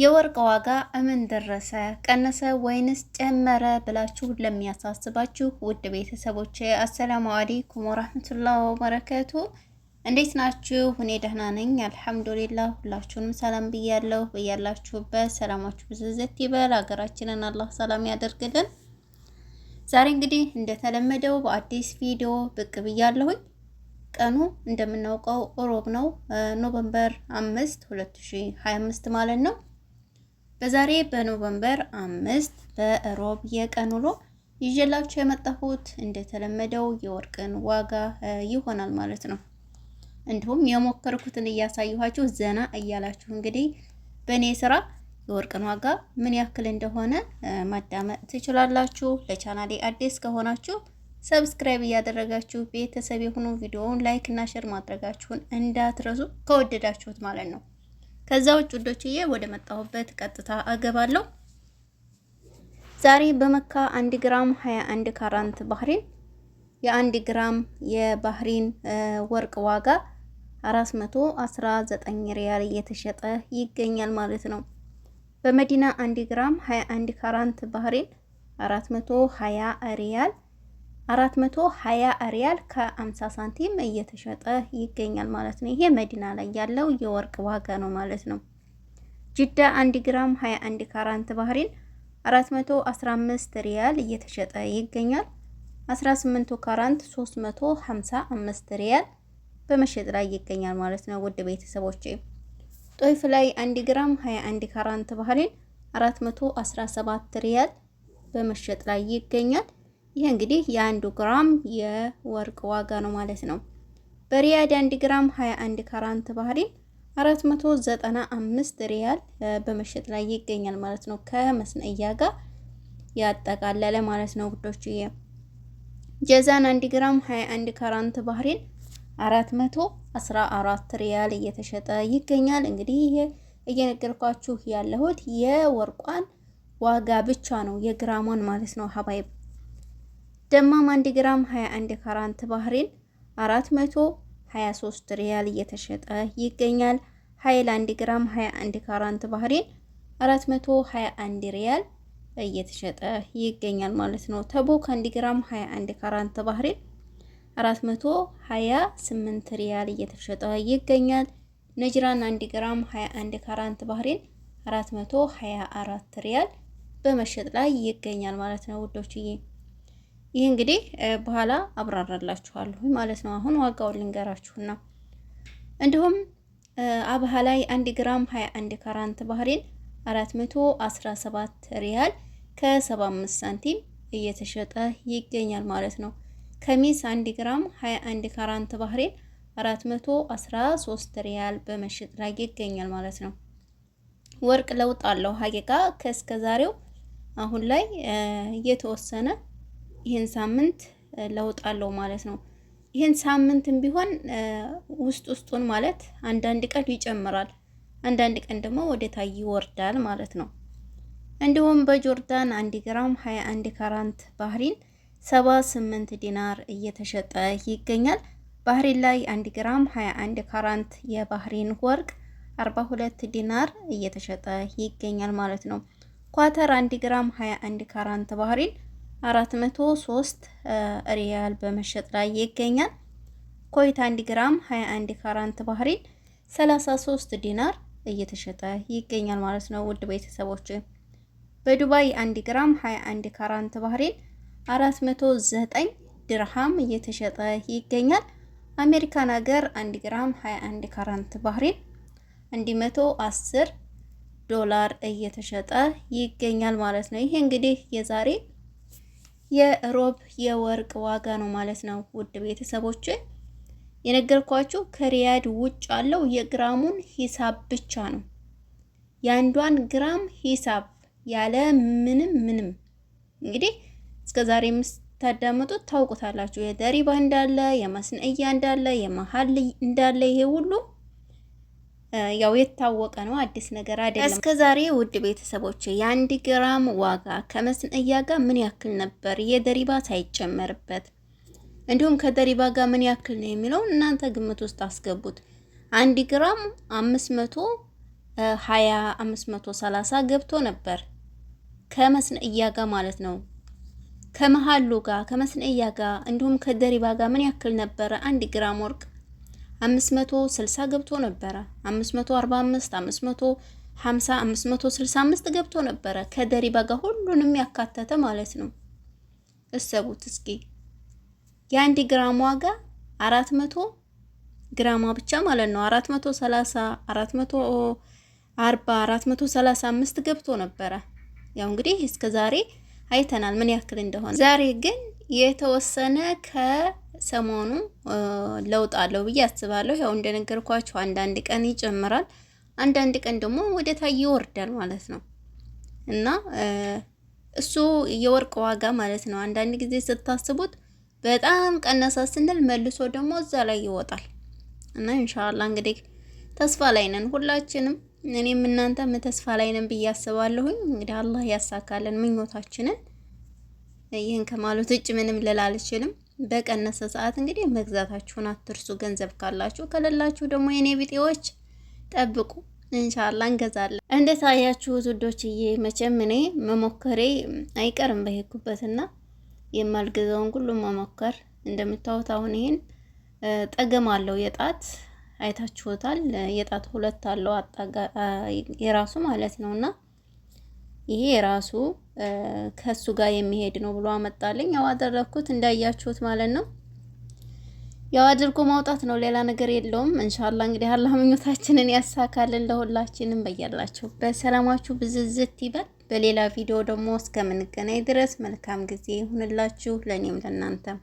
የወርቅ ዋጋ እምን ደረሰ? ቀነሰ ወይንስ ጨመረ? ብላችሁ ለሚያሳስባችሁ ውድ ቤተሰቦች አሰላሙ አለይኩም ወራህመቱላሂ ወበረከቱ። እንዴት ናችሁ? እኔ ደህና ነኝ አልሐምዱሊላህ። ሁላችሁንም ሰላም ብያለሁ። ብያላችሁበት ሰላማችሁ ብዝዝት ይበል። ሀገራችንን አላህ ሰላም ያደርግልን። ዛሬ እንግዲህ እንደተለመደው በአዲስ ቪዲዮ ብቅ ብያለሁኝ። ቀኑ እንደምናውቀው ሮብ ነው፣ ኖቨምበር 5 2025 ማለት ነው። በዛሬ በኖቨምበር አምስት በሮብ የቀን ውሎ ይዤላችሁ የመጣሁት እንደተለመደው የወርቅን ዋጋ ይሆናል ማለት ነው። እንዲሁም የሞከርኩትን እያሳየኋችሁ ዘና እያላችሁ እንግዲህ በእኔ ስራ የወርቅን ዋጋ ምን ያክል እንደሆነ ማዳመጥ ትችላላችሁ። ለቻናሌ አዲስ ከሆናችሁ ሰብስክራይብ እያደረጋችሁ ቤተሰብ የሆኑ ቪዲዮውን ላይክ እና ሼር ማድረጋችሁን እንዳትረሱ ከወደዳችሁት ማለት ነው። ከዛ ውጭ ውዶችዬ ወደ መጣሁበት ቀጥታ አገባለሁ። ዛሬ በመካ 1 ግራም 21 ካራንት ባህሪን የአንድ ግራም የባህሪን ወርቅ ዋጋ 419 ሪያል እየተሸጠ ይገኛል ማለት ነው። በመዲና 1 ግራም 21 ካራንት ባህሪን 420 ሪያል 420 ሪያል ከ50 ሳንቲም እየተሸጠ ይገኛል ማለት ነው። ይሄ መዲና ላይ ያለው የወርቅ ዋጋ ነው ማለት ነው። ጅዳ 1 ግራም 21 ካራንት ባህሪን 415 ሪያል እየተሸጠ ይገኛል። 18ቱ ካራንት 355 ሪያል በመሸጥ ላይ ይገኛል ማለት ነው። ውድ ቤተሰቦች ጦይፍ ላይ 1 ግራም 21 ካራንት ባህሪን 417 ሪያል በመሸጥ ላይ ይገኛል። ይህ እንግዲህ የአንዱ ግራም የወርቅ ዋጋ ነው ማለት ነው። በሪያድ 1 ግራም 21 ካራንት ባህሪን 495 ሪያል በመሸጥ ላይ ይገኛል ማለት ነው። ከመስነያ ጋር ያጠቃለለ ማለት ነው ውዶች። ጀዛን 1 ግራም 21 ካራንት ባህሪን 414 ሪያል እየተሸጠ ይገኛል። እንግዲህ ይሄ እየነገርኳችሁ ያለሁት የወርቋን ዋጋ ብቻ ነው የግራሟን ማለት ነው ሀባይብ ደማም 1 ግራም 21 ካራንት ባህሪን 423 ሪያል እየተሸጠ ይገኛል። ሀይል 1 ግራም 21 ካራንት ባህሪን 421 ሪያል እየተሸጠ ይገኛል ማለት ነው። ተቦክ 1 ግራም 21 ካራንት ባህሪን 428 ሪያል እየተሸጠ ይገኛል። ነጅራን 1 ግራም 21 ካራንት ባህሪን 424 ሪያል በመሸጥ ላይ ይገኛል ማለት ነው ውዶችዬ። ይህ እንግዲህ በኋላ አብራራላችኋለሁ ማለት ነው። አሁን ዋጋውን ልንገራችሁና እንዲሁም አብሃ ላይ 1 ግራም 21 ካራንት ባህሪን 417 ሪያል ከ75 ሳንቲም እየተሸጠ ይገኛል ማለት ነው። ከሚስ 1 ግራም 21 ካራንት ባህሪን 413 ሪያል በመሸጥ ላይ ይገኛል ማለት ነው። ወርቅ ለውጥ አለው ሀቂቃ ከእስከ ዛሬው አሁን ላይ የተወሰነ ይህን ሳምንት ለውጥ አለው ማለት ነው። ይህን ሳምንትም ቢሆን ውስጥ ውስጡን ማለት አንዳንድ ቀን ይጨምራል፣ አንዳንድ ቀን ደግሞ ወደ ታይ ይወርዳል ማለት ነው። እንዲሁም በጆርዳን 1 ግራም 21 ካራንት ባህሪን 78 ዲናር እየተሸጠ ይገኛል። ባህሪን ላይ 1 ግራም 21 ካራንት የባህሪን ወርቅ 42 ዲናር እየተሸጠ ይገኛል ማለት ነው። ኳተር 1 ግራም 21 ካራንት ባህሪን 403 ሪያል በመሸጥ ላይ ይገኛል። ኮይት 1 ግራም 21 ካራንት ባህሪን 33 ዲናር እየተሸጠ ይገኛል ማለት ነው። ውድ ቤተሰቦች በዱባይ 1 ግራም 21 ካራንት ባህሪን 409 ድርሃም እየተሸጠ ይገኛል። አሜሪካን ሀገር 1 ግራም 21 ካራንት ባህሪን 110 ዶላር እየተሸጠ ይገኛል ማለት ነው። ይሄ እንግዲህ የዛሬ የሮብ የወርቅ ዋጋ ነው ማለት ነው። ውድ ቤተሰቦች የነገርኳችሁ ከሪያድ ውጭ ያለው የግራሙን ሂሳብ ብቻ ነው። የአንዷን ግራም ሂሳብ ያለ ምንም ምንም እንግዲህ እስከ ዛሬ የምታዳምጡት ታውቁታላችሁ። የደሪባ እንዳለ፣ የመስነእያ እንዳለ፣ የመሀል እንዳለ ይሄ ሁሉ ያው የታወቀ ነው፣ አዲስ ነገር አይደለም። እስከ ዛሬ ውድ ቤተሰቦች የአንድ ግራም ዋጋ ከመስንእያ ጋር ምን ያክል ነበር የደሪባ ሳይጨመርበት፣ እንዲሁም ከደሪባ ጋር ምን ያክል ነው የሚለውን እናንተ ግምት ውስጥ አስገቡት። አንድ ግራም አምስት መቶ ሀያ አምስት መቶ ሰላሳ ገብቶ ነበር ከመስንእያ ጋር ማለት ነው። ከመሃሉ ጋር ከመስንእያ ጋር እንዲሁም ከደሪባ ጋር ምን ያክል ነበረ አንድ ግራም ወርቅ 560 ገብቶ ነበረ 545 550 565 ገብቶ ነበረ ከደሪባ ጋር ሁሉንም ያካተተ ማለት ነው። እሰቡት እስኪ የአንድ ግራም ዋጋ 400 ግራማ ብቻ ማለት ነው 430 440 435 ገብቶ ነበረ። ያው እንግዲህ እስከ ዛሬ አይተናል ምን ያክል እንደሆነ። ዛሬ ግን የተወሰነ ከ ሰሞኑ ለውጥ አለው ብዬ አስባለሁ። ያው እንደነገርኳችሁ አንዳንድ ቀን ይጨምራል፣ አንዳንድ ቀን ደግሞ ወደ ታይ ይወርዳል ማለት ነው እና እሱ የወርቅ ዋጋ ማለት ነው። አንዳንድ ጊዜ ስታስቡት በጣም ቀነሳ ስንል መልሶ ደግሞ እዛ ላይ ይወጣል እና እንሻላ እንግዲህ ተስፋ ላይ ነን ሁላችንም፣ እኔም እናንተም ተስፋ ላይ ነን ብዬ አስባለሁኝ። እንግዲህ አላህ ያሳካለን ምኞታችንን። ይህን ከማለት ውጭ ምንም ልል አልችልም። በቀነሰ ሰዓት እንግዲህ መግዛታችሁን አትርሱ። ገንዘብ ካላችሁ፣ ከሌላችሁ ደግሞ የኔ ቢጤዎች ጠብቁ። እንሻላ እንገዛለን። እንዴት አያችሁት ውዶችዬ? መቼም እኔ መሞከሬ አይቀርም በሄድኩበትና የማልገዛውን ሁሉ መሞከር እንደምታዩት፣ አሁን ይሄን ጠገም አለው የጣት አይታችሁታል። የጣት ሁለት አለው የራሱ ማለት ነውና ይሄ ራሱ ከሱ ጋር የሚሄድ ነው ብሎ አመጣልኝ። ያው አደረኩት እንዳያችሁት ማለት ነው። ያው አድርጎ ማውጣት ነው፣ ሌላ ነገር የለውም። እንሻላ እንግዲህ አላህ ምኞታችንን ያሳካልን ለሁላችንም። በያላችሁ በሰላማችሁ ብዝዝት ይበል። በሌላ ቪዲዮ ደግሞ እስከምንገናኝ ድረስ መልካም ጊዜ ይሁንላችሁ ለእኔም ለእናንተም።